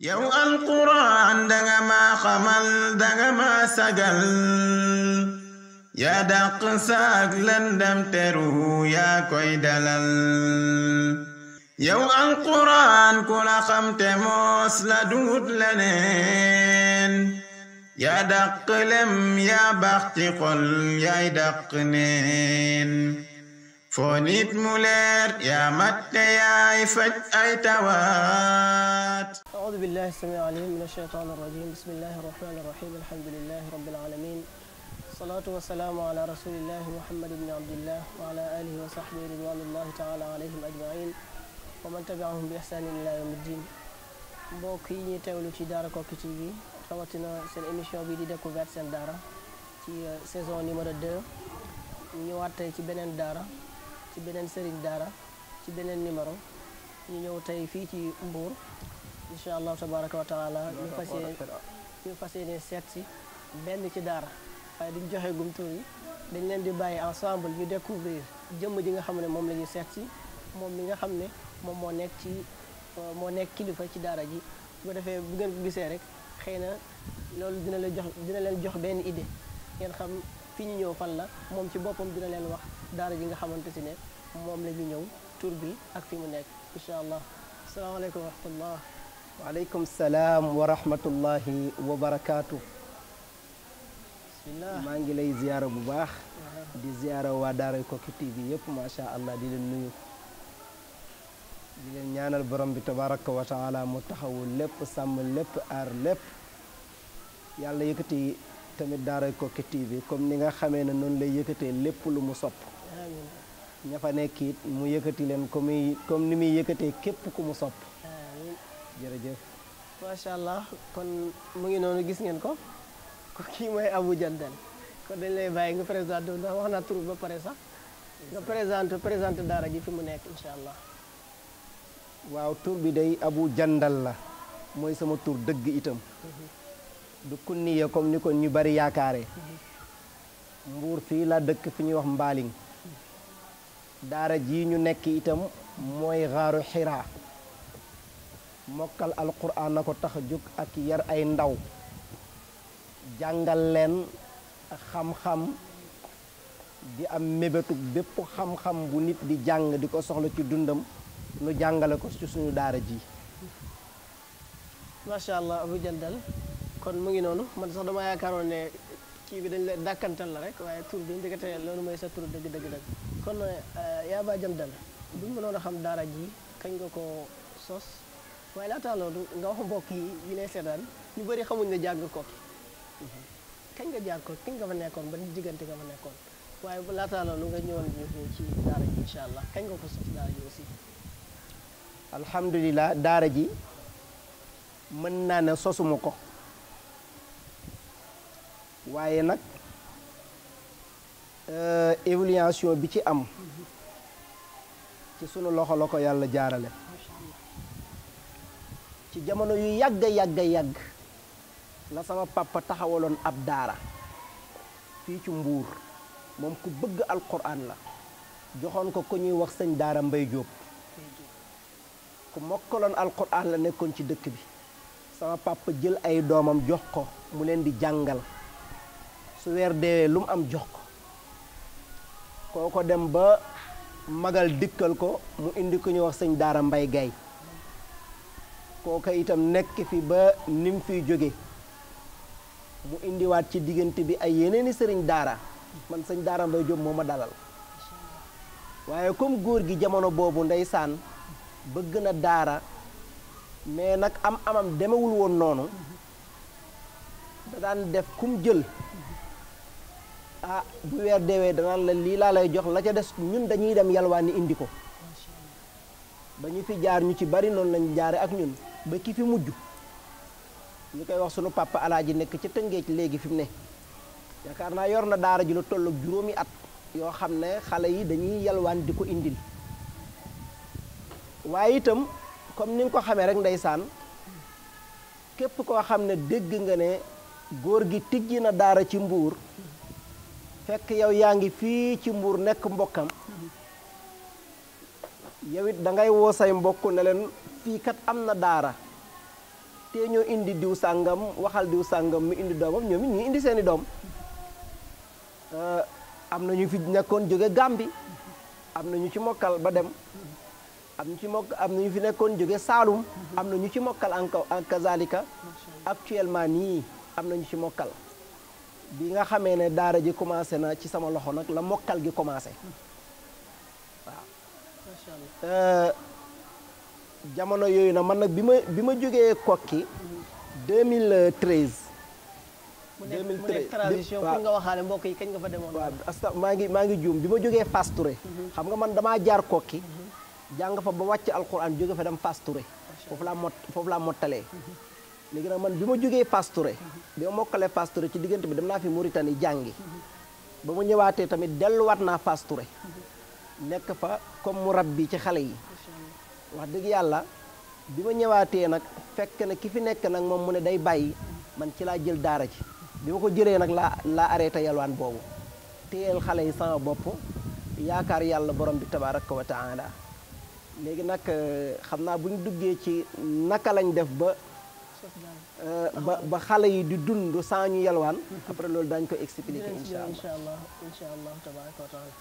yow alquran danga ma xamal danga ma sagal yaa dàq saak lëndëm teru yaa koy dalal yow alquran ku la xam la dugut leneen yaa dàq lem yaa baax ci xol yaay dàq neen foo nit mu leer yaa matte yaay faj ay tawaat aoudu billahi samii alim min alcheytan arrajim bismillahi arrahmani irrahim alhamdulilahi rabbil alamin wasalaatu wasalaamu ala rasulillahi muhammad ibni abdillah wa ala alihi wa sahbihi ridwanullahi taala alayhim ajmain wa man tabiahum bi ihsanin ila yawmi ddin mbokk yi ñuy teewlu ci Daara Koki TV bi rawatina seen émission bi di découverte seen daara ci euh, saison numéro 2 ñëwaat ci beneen daara ci beneen sëriñ daara ci beneen numéro ñu ñëw tey fii ci Mbour incha allah tabaraka wa taala ñu fas yéene ñu fas yéene seet si benn ci daara waaye duñ joxe gum yi dañ leen di bàyyi ensemble ñu découvrir jëmm ji nga xam ne moom la ñuy seet si moom mi nga xam ne moom moo nekk ci euh, moo nekk kilifa ci daara ji su defee bu ngeen ko gisee rek xëy na loolu dina la jox dina leen jox benn idée ngeen xam fi ñu ñëw fan la moom ci boppam dina leen wax daara ji nga xamante si ne moom la ñu ñëw tur bi ak fi mu nekk incha allah asalaamaaleykum wa waaleykum salaam wa rahmatullahi wa barakaatu maa ngi lay ziyaara bu baax di ziyaara waa daaray Koki TV yëpp macha allah di leen nuyu di leen ñaanal borom bi tabaraka wa mu taxawu lépp sàmm lépp aar lépp yàlla yëkkati tamit daaray Koki TV comme ni nga xamee ne noonu lay yëkkatee lépp lu mu sop ña fa nekk mu yëkkati leen comme comme ni muy yëkkatee képp ku mu sopp jërëjëf macha allah kon mu ngi noonu gis ngeen ko ko kii mooy Abou Diandel kon dañ lay bàyyi nga présenté ndax wax naa tur ba pare sax nga présenté présenté daara ji fi mu nekk incha allah waaw tur bi day Abou Diandel la mooy sama tur dëgg itam mhm. du kunniya comme ni ko ñu bari yaakaare mhm. mbuur fii laa dëkk fi ñuy wax mbaaling daara jii ñu nekk itam mooy xaaru xiraa mokkal alquran na ko tax a jóg ak yar ay ndaw jàngal leen xam-xam di am mébétu bépp xam-xam bu nit di jàng di ko soxla ci dundam nu jàngale ko ci suñu daara ji macha allah abu jandal kon mu ngi noonu man sax dama yaakaaroon ne kii bi dañ la dàkkantal la rek waaye tur bi njëkkate loolu mooy sa tur dëgg dëgg dëgg kon euh, Yaaba Jamdal bu ñu mënoon a xam daara ji kañ nga ko sos waaye laata loolu nga wax mbokk yi yi lay seetaan ñu bari xamuñ ne jàng ko mhm. kañ nga jàng ko kañ nga fa nekkoon ba diggante nga fa nekkoon waaye laata loolu nga ñëwoon ñu ci daara ji incha allah kañ nga ko sos daara ji aussi. alhamdulilah daara ji mën naa ne sosuma ko waaye nag. Euh, évaluation bi ci am ci sunu loxo la ko yàlla jaarale ci jamono yu yàgg yàgg yàgg la sama papa taxawaloon ab daara fii ci mbuur moom ku bëgg alquran la joxoon ko ku ñuy wax sëñ daara mbay jóob ku mokkaloon alquran la nekkoon ci dëkk bi sama papa jël ay doomam jox ko mu leen di jàngal su weer deewee lu mu am jox ko kooko dem ba magal dikkal ko mu indi ku ñuy wax sëñ daara mbay gay kooka itam nekk fi ba ni fi jóge mu indiwaat ci diggante bi ay yeneeni sëriñ daara man sëñ daara mbay jóg moo ma dalal waaye comme góor gi jamono boobu ndeysaan bëgg na daara mais nag am amam demewul woon noonu da daan def kum jël ah bu weer deewee danaan la lii laa lay jox la ca des ñun dañuy dem yalwaani indi ko ba ñu fi jaar ñu ci bari noonu lañ jaare ak ñun ba ki fi mujj ñu koy wax sunu papa alaaji nekk ca tëngéej ci léegi fi mu ne yaakaar naa yor na daara ji lu tolloog juróomi at yoo xam ne xale yi dañuy yalwaan di ko indil waaye itam comme ni nga ko xamee rek ndeysaan képp koo xam ne dégg nga ne góor gi tijji na daara ci mbuur fekk yow yaa ngi fii ci mbuur nekk mbokkam yow it da ngay woo say mbokk ne leen fii am na daara te ñoo indi diw sàngam waxal diw sàngam mu indi doomam ñoom it ñu indi seeni doom eh, am na ñu fi nekkoon jóge Gàmbi am na ñu ci mokkal ba dem am ñu ci mokk am na ñu fi nekkoon jóge Saalum am na ñu ci mokkal anka kazalika actuellement nii am na ñu ci mokkal bi nga xamee ne daara ji commencé na ci sama loxo nag la mokkal gi commencé waaw euh, jamono yooyu na man nag bi ma bi ma jógee kokki 2013 mu nekk transition pour nga waxaale mbokk yi kañ nga fa demoon waaw asta maa ngi maa ngi juum bi ma jógee Fass mhm. xam nga man damaa jaar kokki mhm. jàng fa ba wàcc alquran jóge fa dem Fass Touré foofu laa mot foofu laa mottalee mhm. léegi nag man bi ma jógee Pastouré bi ma mokkalee Pastouré ci diggante bi dem naa fi Mauritanie jàngi ba ma ñëwaatee tamit delluwaat naa Pastouré nekk fa comme mu rab bi ci xale yi wax dëgg yàlla bi ma ñëwaatee nag fekk na ki fi nekk nag moom mu ne day bàyyi man ci laa jël daara ci bi ma ko jëlee nag laa laa arrêté yalwaan boobu te téyel xale yi sama bopp yaakaar yàlla borom bi tabaraka wa taala léegi nag euh, xam naa bu ñu duggee ci naka lañ def ba Euh, ba ba xale yi di dund saa ñu yalwaan après loolu daañu ko expliquer incha allah incha allah tabaraka wa taala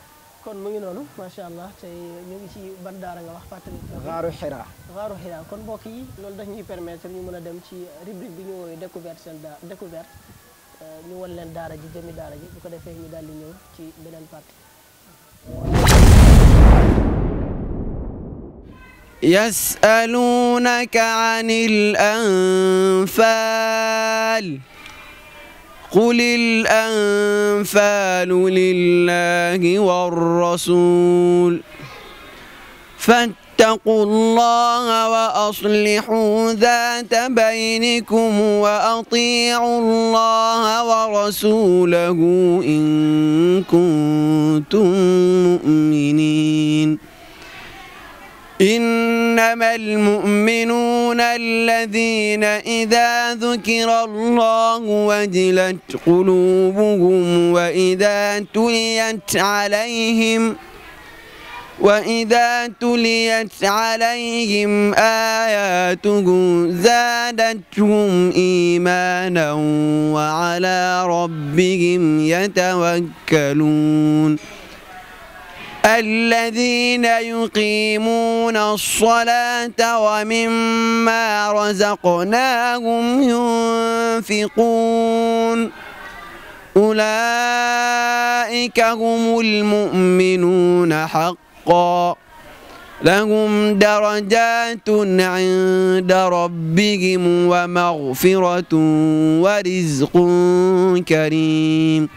kon mu ngi noonu macha allah tey ñu ngi ci ban daara nga wax fàttali xaaru xiraa xaaru xiraa kon mbokk yi loolu dañuy ñuy permettre ñu mën a dem ci rubrique bi ñu woowee découverte seen da découverte euh, ñu wan leen daara ji jëmi daara ji bu ko defee ñu daal di ñëw ci beneen partie يسألونك عن الأنفال قل الأنفال لله والرسول فاتقوا الله وأصلحوا ذات بينكم وأطيعوا الله ورسوله إن كنتم مؤمنين إنما المؤمنون الذين إذا ذكر الله وجلت قلوبهم وإذا تليت عليهم وإذا تليت عليهم آياته زادتهم إيمانا وعلى ربهم يتوكلون الذين يقيمون الصلاة ومما رزقناهم ينفقون أولئك هم المؤمنون حقا لهم درجات عند ربهم ومغفرة ورزق كريم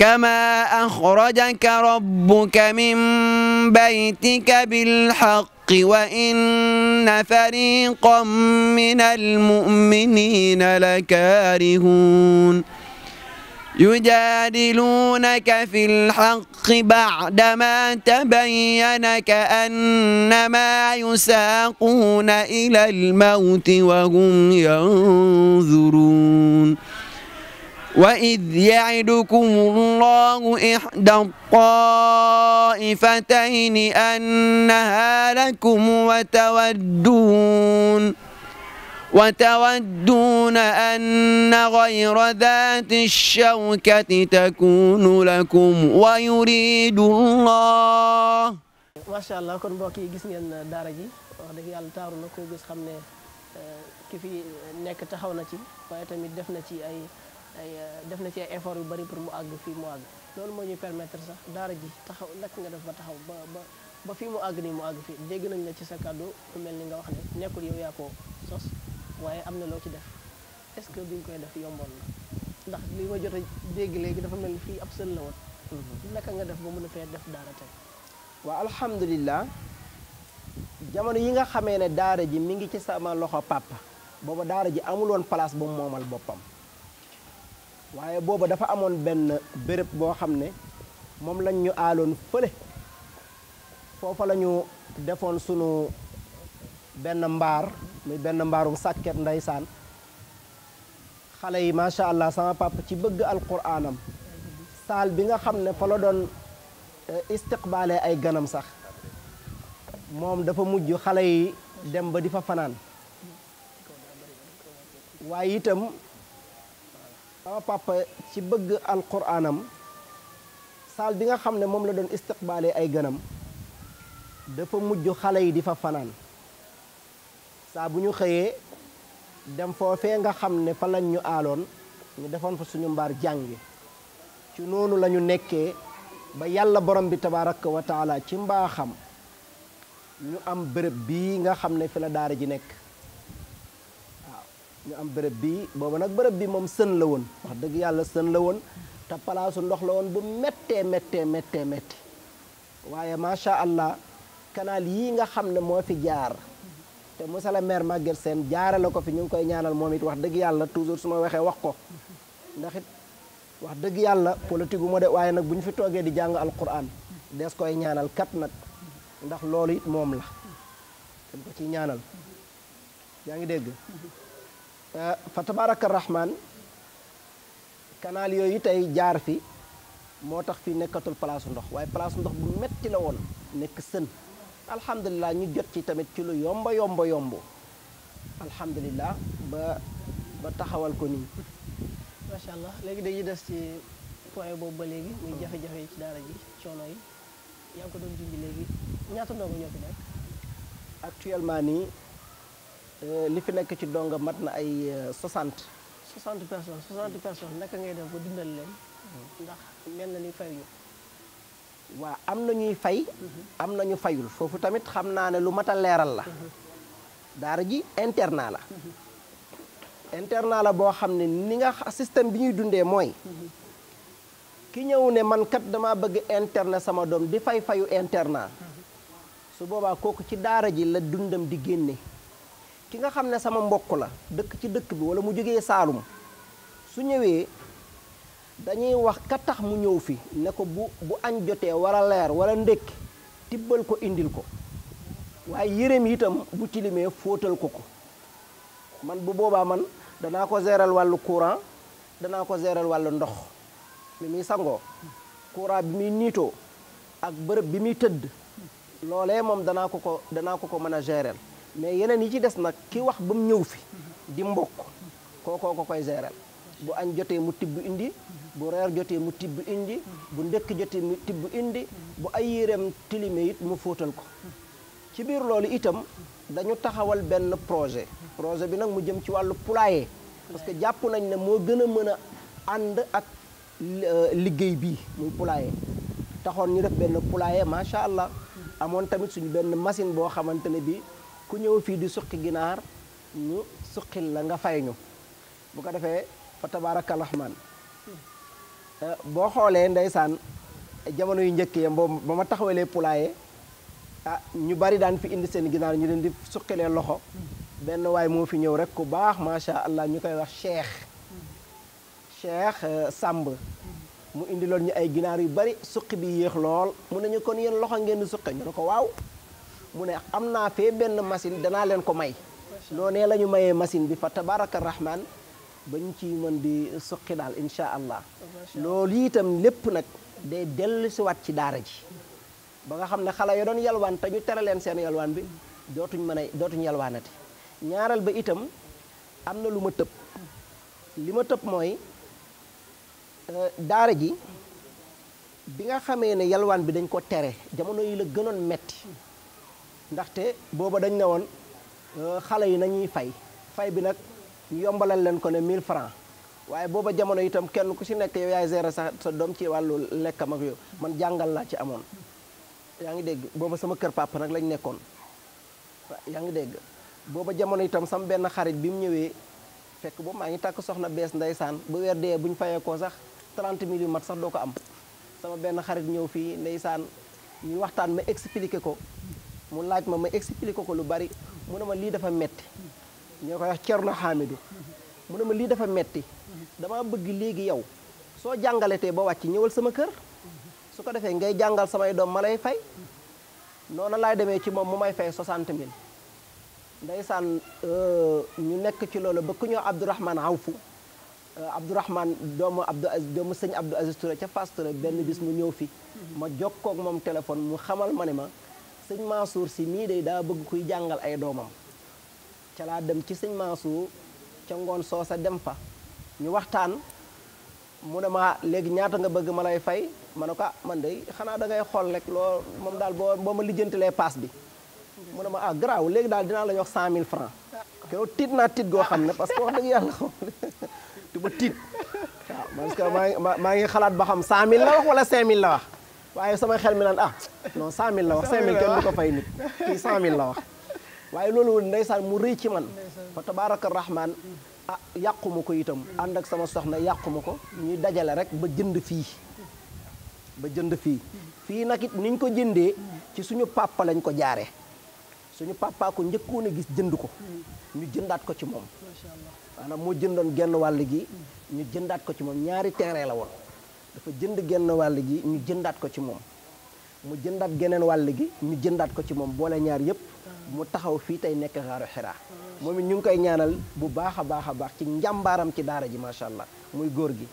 كما أخرجك ربك من بيتك بالحق وإن فريقا من المؤمنين لكارهون يجادلونك في الحق بعدما تبين كأنما يساقون إلى الموت وهم ينظرون وإذ يعدكم الله إحدى الطائفتين أنها لكم وتودون وتودون أن غير ذات الشوكة تكون لكم ويريد الله ما شاء الله kon mbokk yi gis ngeen daara ji wax dëgg yàlla taaru na ko gis xam ne euh, ki fi nekk taxaw na ci waaye tamit def na ci ay ay euh, def na cee ay yu bari pour mu àgg fii mu àgg loolu moo ñuy permettre sax daara ji taxaw nakk nga def ba taxaw ba ba ba fii mu àgg nii mu àgg fii dégg nañ la ci sa kàddu ku mel ni nga wax ne nekkul yow yaa ko sos waaye am na loo ci def est-ce que bi nga koy def yomboon na ndax li ma jot a dégg léegi dafa mel ni fii ab sël la woon mhm. naka nga def ba mën a fee def daara tey waa alhamdulilah jamono yi nga xamee ne daara ji mi ngi ci sama loxo papa boobu daara ji amul woon place moomal boppam waaye booba dafa amoon benn béréb boo xam ne moom lañ ñu aaloon fële foofa la ñu defoon sunu benn mbaar muy benn mbaarum sàkket ndeysaan xale yi macha allah sama papa ci bëgg alquraanam saal bi nga xam ne fa la doon eh, istiqbaale ay ganam sax moom dafa mujj xale yi dem ba di fa fanaan waaye itam sama papa ci bëgg alquraanam saal bi nga xam ne moom la doon istiqbaale ay gënam dafa mujj xale yi di fa fanaan saa bu ñu xëyee dem foofee nga xam ne fa lañ ñu aaloon ñu defoon fa suñu mbaar jàngi ci noonu la ñu nekkee ba yàlla borom bi tabaraka wa taala ci mbaaxam ñu am bërëb bii nga xam ne fi la daara ji nekk ñu am bërëb bi booba nag bërëb bi moom sën la woon wax dëgg yàlla sën la woon te palaasu ndox la woon bu méttee méttee méttee métti waaye macha allah kanaal yii nga xam ne moo fi jaar te monsieur meer maire seen Sène jaare la ko fi ñu ngi koy ñaanal moom it wax dëgg yàlla toujours su ma waxee wax ko ndax it wax dëgg yàlla politique ma de waaye nag bu ñu fi toogee di jàng al alquran des koy ñaanal kat nag ndax loolu it moom la dañ ko ciy ñaanal yaa dégg Eh, fa tabaraka rahman kanaal yooyu tey jaar fi moo tax fi nekkatul palaasu ndox waaye palaasu ndox bu metti la woon nekk sën alhamdulilah ñu jot ci tamit ci lu yomba yomba yomb alhamdulilah ba ba taxawal ko nii macha allah léegi dañuy des ci point boobu ba léegi muy jafe-jafe ci daara ji coono yi yaa ngi ko doon junj léegi ñaata ndongo ñoo fi nekk actuellement nii Euh, li fi nekk ci donga mat na ay 60. Euh, 60 personnes 60 personnes naka ngay def ba dundal leen. Hmm. ndax mel na ni fay waaw am na ñuy fay. Mm-hmm. am na ñu fayul foofu tamit xam naa ne lu mat a leeral la. Mm-hmm. daara ji internat la. Mm-hmm. interna la boo xam ne ni nga système bi ñuy dundee mooy. ki ñëw ne man kat dama bëgg internet sama doom di fay fayu internat. su boobaa kooku ci daara ji la dundam di génne. ki nga xam ne sama mbokk la dëkk ci dëkk bi wala mu jógee Saalum su ñëwee dañuy wax ka tax mu ñëw fi ne ko bu bu añ jotee wala leer wala ndékki tibbal ko indil ko waaye yéreem yitam bu ci fóotal ko ko man bu boobaa man danaa ko géral wàllu courant danaa ko géral wàllu ndox mi muy sangoo courant bi muy niitoo ak bërëb bi muy tëdd loolee moom danaa ko ko danaa ko ko mën a géral mais yeneen yi ci des nag ki wax ba mu ñëw fi di mbokk kookoo koy géral bu añ jotee mu tibb indi bu reer jotee mu tibb indi bu ndëkk jotee mu tibb indi bu ay yéreem tilime it mu fóotal ko ci biir loolu itam dañu taxawal benn projet projet bi nag mu jëm ci wàllu poulailler parce que jàpp nañ ne moo gën a mën a ànd ak euh, liggéey bii muy poulailler taxoon ñu def benn poulailler macha allah amoon tamit suñu benn machine boo xamante ne bi ku ñëw fii di suqi ginaar ñu suqil la nga fay ñu bu ko defee fa tabaaraka rahmaan eh, boo xoolee ndeysaan jamono yu njëkk ya boobu ba ma taxawalee poulailler ah ñu bari daan fi indi seen ginaar ñu leen di suqilee loxo benn waay moo fi ñëw rek ku baax macha allah ñu koy wax cheikh cheikh eh, sàmb mu indi lool ñu ay ginaar yu bari suqi bi yéex lool mu ne ñu kon yéen loxo ngeen di ñu ne ko waaw mu ne am naa fee benn machine danaa leen ko may noonee la ñu mayee machine bi fa tabaraka rahman ba ñu ci mën di suqi daal insha allah loolu itam lépp nag day dellu siwaat ci daara ji ba nga xam ne xale yo doon yalwaan te ñu tere leen seen yalwaan bi dootuñ mën a dootuñ yalwaanati ñaareel ba itam am na lu ma tëb li ma tëb mooy euh, daara ji bi nga xamee ne yalwaan bi dañ ko tere jamono yi la gënoon metti ndaxte booba dañ ne woon euh, xale yi nañuy fay fay bi nag ñu yombalal leen ko ne mille francs waaye booba jamono itam kenn ku si nekk yow yaay gérer sa sa doom ci wàllu lekkam ak yow man jàngal laa ci amoon yaa ngi dégg booba sama kër papa nag lañ nekkoon yaa ngi dégg booba jamono itam sama benn xarit bi mu ñëwee fekk boobu maa ngi takk soxna bees ndeysaan bu weer dee bu ñu fayee ko sax 30 mille yu mat sax doo ko am sama benn xarit ñëw fii ndeysaan ñu waxtaan ma expliquer ko mu laaj ma ma expliqué ko lu bari mu ma lii dafa metti ñoo koy wax Cerno Hamidou mu ne ma lii dafa metti damaa bëgg léegi yow soo jàngalee jàngaletee ba wàcc ñëwal sama kër su ko defee ngay jàngal samay doom ma lay fay noonu laay demee ci moom mu may fay 60 mille ndeysaan euh, ñu nekk ci loolu ba ku ñoo Abdourahman Awfu euh, Abdourahman doomu Abdou Aziz doomu sëñ Abdou Aziz Touré ca Fass benn bis mu ñëw fi ma jokkoog moom téléphone mu xamal ma ne ma sëñ Mansour si mii day daa bëgg kuy jàngal ay doomam ca laa dem ci sëñ Mansour ca ngoon soo sa dem fa ñu waxtaan mu ne ma léegi ñaata nga bëgg ma lay fay ma ne ko ah, man de xanaa da ngay xool rek loo moom daal boo boo ma lijjantilee paas bi mu ne ma ah garaaw léegi daal dinaa la jox cent mille francs keroog tiit naa tiit goo xam ne parce que wax dëgg yàlla ba tiit waaw parce que maa ngi maa ngi xalaat ba xam cent mille la wax wala cinq mille la wax waaye sama xel mi naan ah non 100000 la wax 5000 kenn du ko la wax waaye loolu ndeysaan mu rëy ci man fa tabaraka rahman ah yàquma ko itam ànd ak sama soxna yàquma ko ñuy dajale rek ba jënd fii ba jënd fii fii nag it niñ ko jëndee ci suñu papa lañ ko jaare suñu papa ko njëkkoon a gis jënd ko ñu jëndaat ko ci moom maanaam moo jëndoon genn wàll gi ñu jëndaat ko ci moom ñaari terrain la woon dafa jënd genn wàll ji ñu jëndaat ko ci moom mu jëndaat geneen wàll gi ñu jëndaat ko ci moom boole ñaar yëpp mu taxaw fii tey nekk xaaru xiraa moom it ñu ngi koy ñaanal bu baax a baax a baax ci njàmbaaram ci daara ji macha allah muy góor gi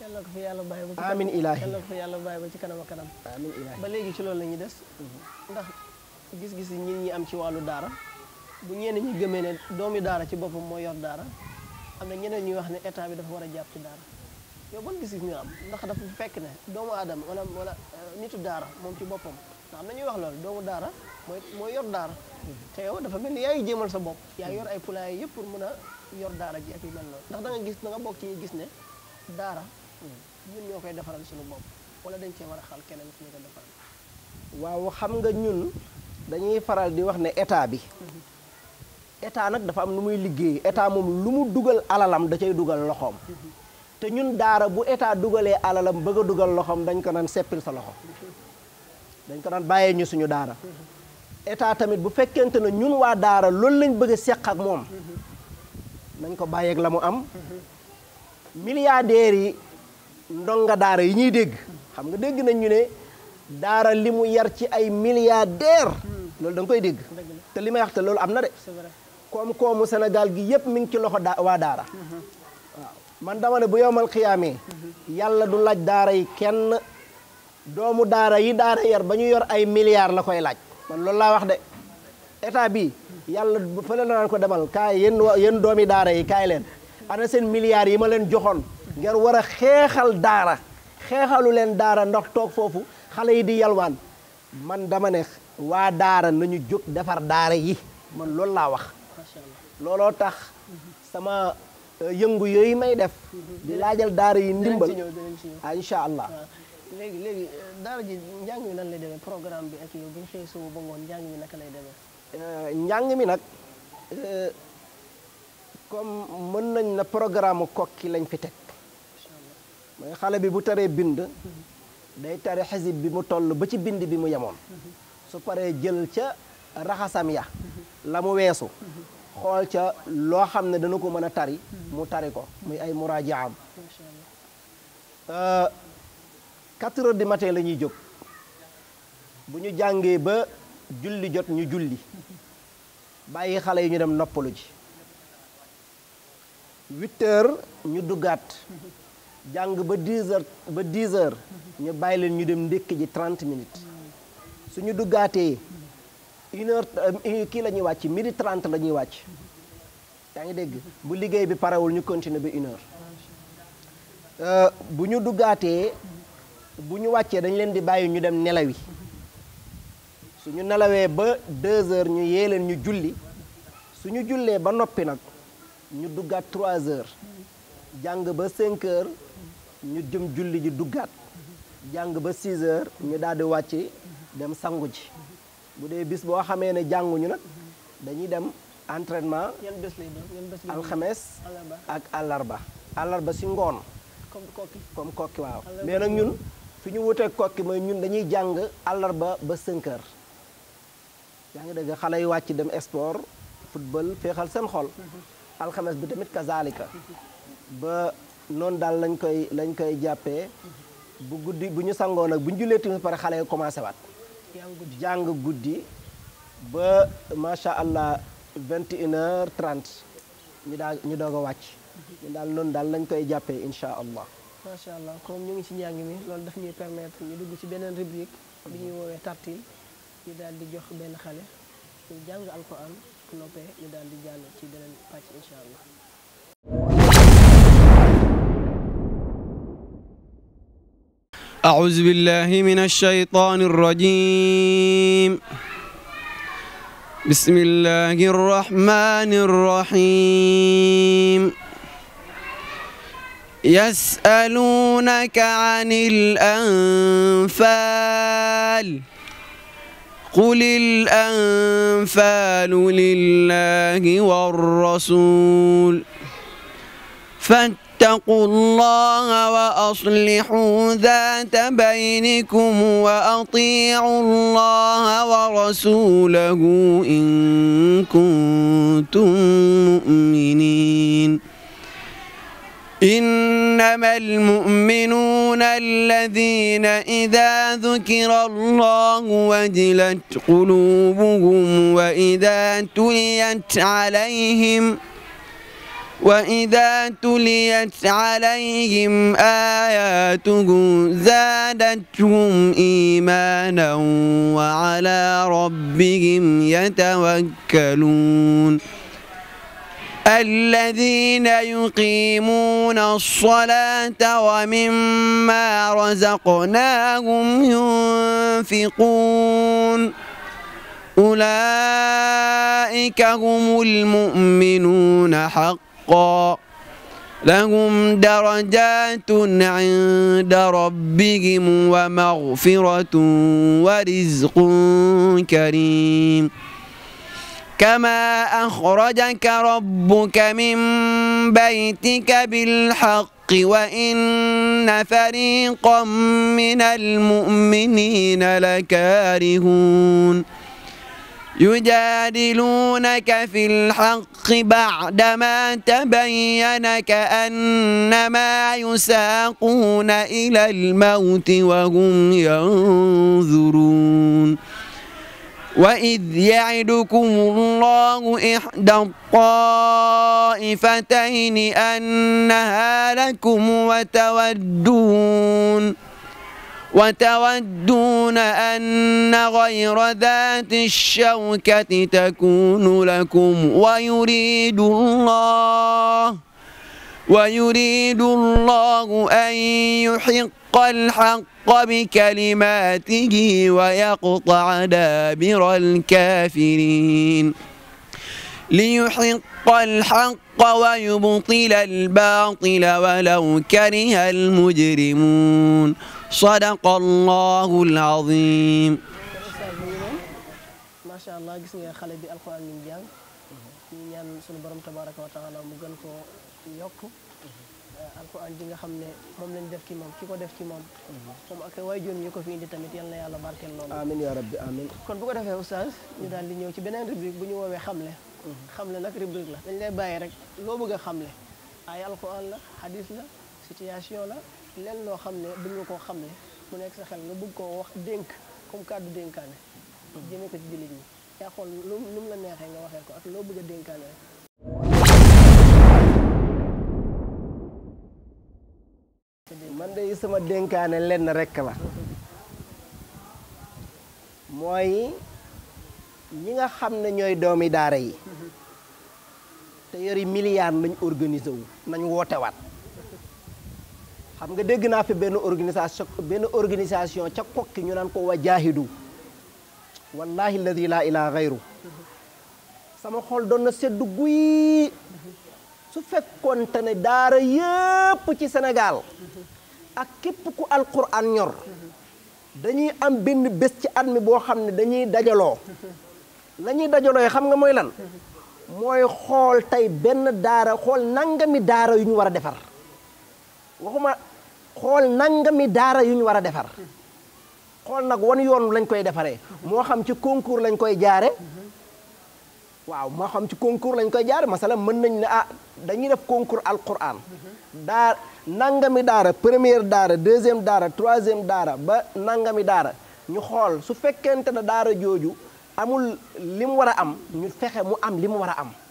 yàlla ko fi yàlla bàyyi ba amiin ilaahi yàlla ko fi yàlla bàyyi ba ci kanam a ba léegi ci loolu la ñuy des ndax gis-gis yi ñi am ci wàllu daara bu ñenn ñi gëmee ne doomi daara ci boppam mooy yor daara am na ñeneen ñuy wax ne état bi dafa war a jàpp ci daara yow ban gis-gis am ndax dafa fekk ne doomu aadama wala wala euh, nitu daara moom ci boppam ndax am na ñuy wax loolu doomu daara mooy mooy yor daara te yow dafa mel ni yaay sa bopp yaa yor ay poulailler yëpp pour mën a yor daara ji ak yu ndax da nga gis da nga bokk ci ñu gis ne daara ñun ñoo koy defaral suñu bopp wala dañ cee war a xal keneen ku ñu ko defaral waaw xam nga ñun dañuy faral di wax ne état bi état nag dafa am lu muy liggéey état moom lu mu dugal alalam da cay dugal loxoom te ñun daara bu état dugalee alalam bëgg a dugal loxoom dañ ko naan seppil sa loxo dañ ko naan bàyyee ñu suñu daara état tamit bu fekkente ne ñun waa daara loolu lañ bëgg a seq ak moom nañ ko bàyyeek la mu am milliardaires yi ndonga daara yi ñuy dégg xam nga dégg nañ ñu ne daara li mu yar ci ay milliardaires loolu da koy dégg te li may wax te loolu am na de koom-koomu Sénégal gi yépp mu ngi ci loxo daa waa daara mm-hmm. man dama ne bu yowmal xiyaamee yàlla du laaj daara yi kenn doomu daara yi daara yar ba ñu yor ay milliards la koy laaj man loolu laa wax de état bi yàlla fële na naan ko demal kaay yéen yéen doomi daara yi kaay leen ana seen milliards yi ma leen joxoon ngeen war a xeexal daara xeexalu leen daara ndax toog foofu xale yi di yalwaan man dama ne waa daara nañu jóg defar daara yi man loolu laa wax looloo tax yëngu yooyu may def. Mm-hmm. di laajal daara yi ndimbal ah incha allah. Ah, léegi léegi euh, daara ji njàng mi nan lay demee programme bi ak yow bu ñu xëyee suba ba ngoon njàng mi naka lay euh, njàng mi nag euh, comme mën nañ na programme kokki lañ fi teg. may xale bi bu taree bind. Mm-hmm. day tare xasib bi mu toll ba ci bind bi mu yemoon. Mm-hmm. su paree jël ca raxasam ya la mu weesu. xool ca loo xam ne dana ko mën a tari mu tari ko muy ay muraajaam quatre heures du matin la ñuy jóg bu ñu jàngee ba julli jot ñu julli bàyyi xale yi ñu dem noppalu ji huit ñu duggaat jàng ba dix heures ba dix heures ñu bàyyi leen ñu dem ndékki ji trente minutes suñu duggaatee Euh, une kii la ñuy wàcc midi 30 la ñuy wàcc yaa ngi dégg bu liggéey bi parewul ñu continuer bi une heure euh, bu ñu duggaatee bu ñu wàccee dañ leen di bàyyi ñu dem nelawi su ñu nelawee ba deux heures ñu yee leen ñu julli su ñu jullee ba noppi nag ñu duggaat trois heures jàng ba cinq heures ñu jëm julli ji duggaat jàng ba six heures ñu daal di wàcc dem sangu ji bu dee bis boo xamee ne jànguñu nag dañuy dem entraînement alxames ak àllarba àllarba si ngoon comme kokki comme kokki waaw mais nag ñun fi ñu wutee kokki mooy ñun dañuy jàng àllarba ba 5 heures yaa ngi dégg xale yi wàcc dem sport football féexal seen xol mhm. alxames bi tamit kazalika ba noonu daal lañ koy lañ koy jàppee mhm. bu guddi bu ñu sangoo nag bu ñu jullee tamit pare xale yi commencé waat jàng guddi ba macha allah vingt et heure trente ñu daal ñu doog wàcc. ñu daal noonu daal lañ koy jàppee incha allah. macha allah comme ñu ngi ci njàng mi loolu daf ñuy permettre ñu dugg ci beneen rubrique bi ñuy woowee tartil ñu daal di jox benn xale ñu jàng alquran noppee ñu daal di jàll ci beneen pàcc incha allah. أعوذ بالله من الشيطان الرجيم بسم الله الرحمن الرحيم يسألونك عن الأنفال قل الأنفال لله والرسول فانت فاتقوا الله وأصلحوا ذات بينكم وأطيعوا الله ورسوله إن كنتم مؤمنين إنما المؤمنون الذين إذا ذكر الله وجلت قلوبهم وإذا تليت عليهم ۖ وإذا تليت عليهم آياته زادتهم إيمانا وعلى ربهم يتوكلون الذين يقيمون الصلاة ومما رزقناهم ينفقون أولئك هم المؤمنون حقا حقا لهم درجات عند ربهم ومغفرة ورزق كريم كما أخرجك ربك من بيتك بالحق وإن فريقا من المؤمنين لكارهون يجادلونك في الحق بعدما تبين كأنما يساقون إلى الموت وهم ينظرون وإذ يعدكم الله إحدى الطائفتين أنها لكم وتودون وتودون أن غير ذات الشوكة تكون لكم ويريد الله ويريد الله أن يحق الحق بكلماته ويقطع دابر الكافرين ليحق الحق ويبطل الباطل ولو كره المجرمون sadaqallaahu al-aziim. macha allah gis nga xale bi alxuraan mi ngi jàng ñu ñaan sunu borom tabaaraka wa taala mu gën ko yokk euh, alxuraan ji nga xam ne moom lañ def ci moom ki ko def ci moom. moom ak waajur ñi ko fi indi tamit yal na yàlla barkeel loolu. amiin yaa rabbi amiin. kon bu ko defee oustaz ñu daal di ñëw ci beneen rubrique bu ñu woowee xamle. xamle nag rubrique la dañ lay bàyyi rek loo bëgg a xamle ay alxuraan la hadis la situation la. lenn loo xam ne bëgg nga koo ne mu nekk sa xel nga bëgg koo wax dénk comme kàddu dénkaane jëmee ko ci jullit ñi la neexee nga waxee ko ak loo bëgg a dénkaane rek man de sama dénkaane lenn rekk la mooy ñi nga xam ne ñooy doomi daara yi te yori milliards nañ organisé wu nañ wootewaat xam nga dégg naa fi benn organisation benn organisation ca kokki ñu naan ko wajaahidu wallahi alladi laa ilaa xayru sama xool doon na seddu guy su fekkoonte ne daara yépp ci Sénégal ak képp ku alquran ñor dañuy am benn bés ci at mi boo xam ne dañuy dajaloo la ñuy dajaloo xam nga mooy lan mooy xool tey benn daara xool nangami daara yu ñu war a defar waxuma xool nangami daara yu ñu war a defar xool nag wan yoon lañ koy defaree moo xam ci concours lañ koy jaare waaw moo xam ci concours lañ koy jaare masala mën nañ ne ah dañuy def concours alquran daa nangami daara première daara deuxième daara troisième daara ba nangami daara ñu xool su fekkente ne daara jooju amul li war a am ñu fexe mu am li mu war a am